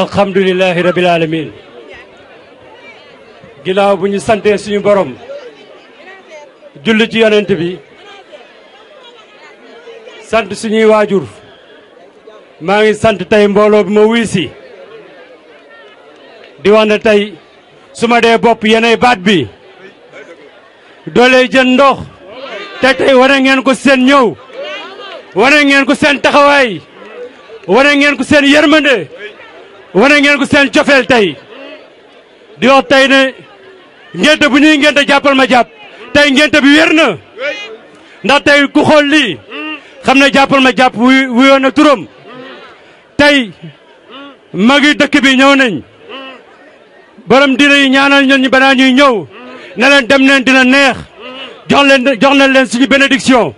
alhamdulillahi rabbil alamin ginnaaw bu ñu santee suñu borom julli ci yonent bi sant suñuy wajur maa ngi sant tey mbooloo bi ma wuy di wax ne tey su ma yeney baat bi dole jën ndox te tey wane ngeen ko seen ñëw wane ngeen ko seen taxawaay wane ngeen ko wane ngeen ko seen cofeel tey di wax tey ne ngente bu ñuy ngente jàppal ma jàpp tey ngente bi wér na ndax tey ku xool lii xam ne jàppal ma jàpp wu wuyoon na turam tey yi dëkk bi ñëw nañ borom dina yi ñaanal ñun ñu banaa ñuy ñëw ne leen dem leen dina neex jox leen jox nañ leen suñu bénédiction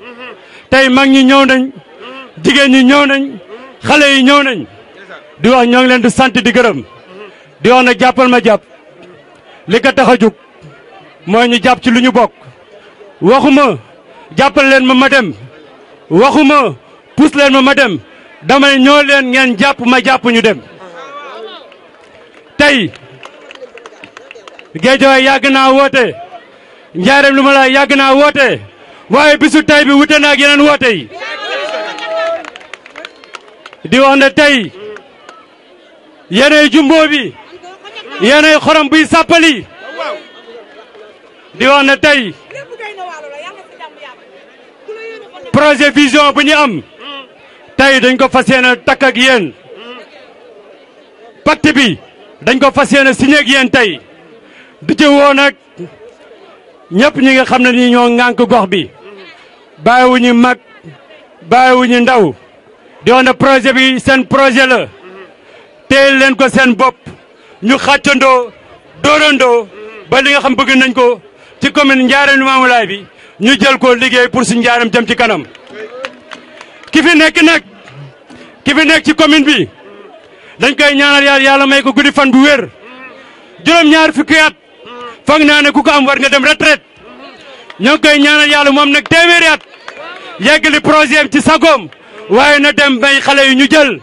tey mag ñi ñëw nañ jigéen ñi ñëw nañ xale yi ñëw nañ di wax ñoo ngi leen di sant di gërëm di wax na jàppal ma jàpp li ko tax a jóg mooy ñu jàpp ci lu ñu bokk waxuma jàppal leen ma ma dem waxuma puus leen ma ma dem damay ñoo leen ngeen jàpp ma jàpp ñu dem tey Géejawaay yàgg naa woote Njaareem lu ma laa yàgg naa woote waaye bisu tey bi wute naa ak yeneen woote di wax ne tey yéenay jumbo bi yéenay xorom buy sàppali di wax ne tey projet vision bu ñu am tey dañ ko fas yéene takk ak yéen pacte bi dañ ko fas yéene signé ak tey di woo nag ñëpp ñi nga xam ne ni ñoo ŋànk gox bi bàyyiwuñu mag bàyyiwuñu ndaw di wax ne projet bi seen projet la teel leen ko seen bopp ñu xàccandoo dóorandoo ba li nga xam bëgg nañ ko ci commune Ndiarème Limamoulaye bi ñu jël ko liggéey pour si Ndiarème jëm ci kanam ki fi nekk nag ki fi nekk ci commune bi dañ koy ñaanal yàlla yàlla may ko guddi fan bu wér juróom-ñaar fukki at foog naa ne ku ko am war nga dem retraite ñoo ngi koy ñaanal yàlla moom nag téeméeri at yeggali projet ci sagoom waaye na dem may xale yi ñu jël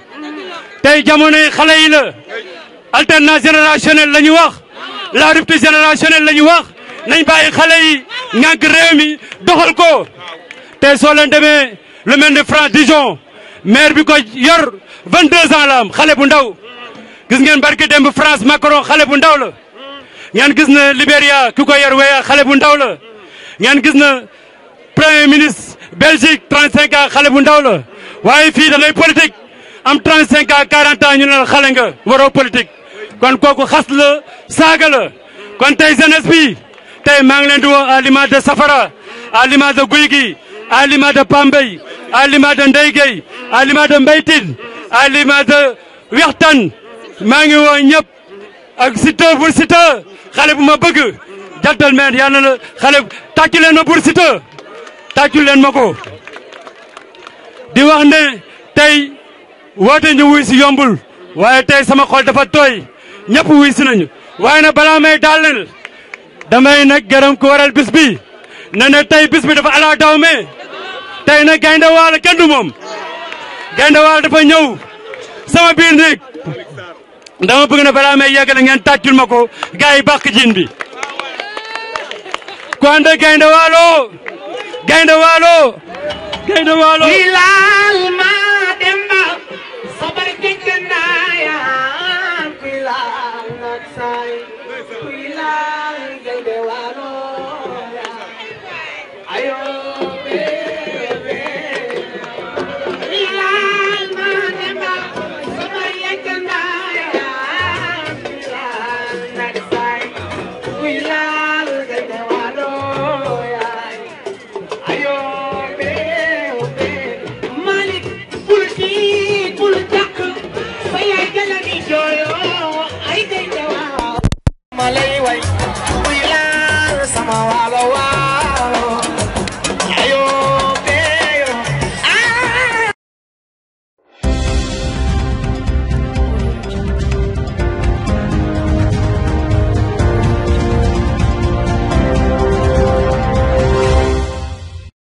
tey jamonoy xale yi la alternance générationnelle la ñu wax la rupture générationnelle la ñu wax nañ bàyyi xale yi ñànk réew mi doxal ko tey soo leen demee lu mel ni Franck Dijon maire bi ko yor 22 ans la am xale bu ndaw gis ngeen barki démb France Macron xale bu ndaw la ngeen gis na Libéria ki ko yor weya xale bu ndaw la ngeen gis na premier ministre Belgique 35 ans xale bu ndaw la waaye fii da ngay politique. am 35 ans 40 ans ñu ne la xale nga kon kooku xas la saaga kon tey jeunesse bi tey maa ngi leen di woo à l'image Safara à Guy Gi à l'image de Pambay à l'image de Ndeye Gueye à à l'image de Wextan maa ngi woo ñëpp ak Siteu Bour Siteu xale bu ma bëgg jàttal ya yàlla na xale tàccu leen ma Bour Siteu tàccu leen ma ko di wax ne tey woote ñu wuy si yombul waaye tey sama xol dafa tooy ñëpp wuy si nañu waaye nag balaa may daal damay nag gërëm ko waral bis bi ne tey bis bi dafa ala daw me tey nag gaynde waalo kenn du moom waalo dafa ñëw sama biir néeg dama bëgg na balaa may yeggale ngeen tàccul ma ko gars yi bàq jiin bi ku ànd gaynde waalo gaynde waalo gaynde waalo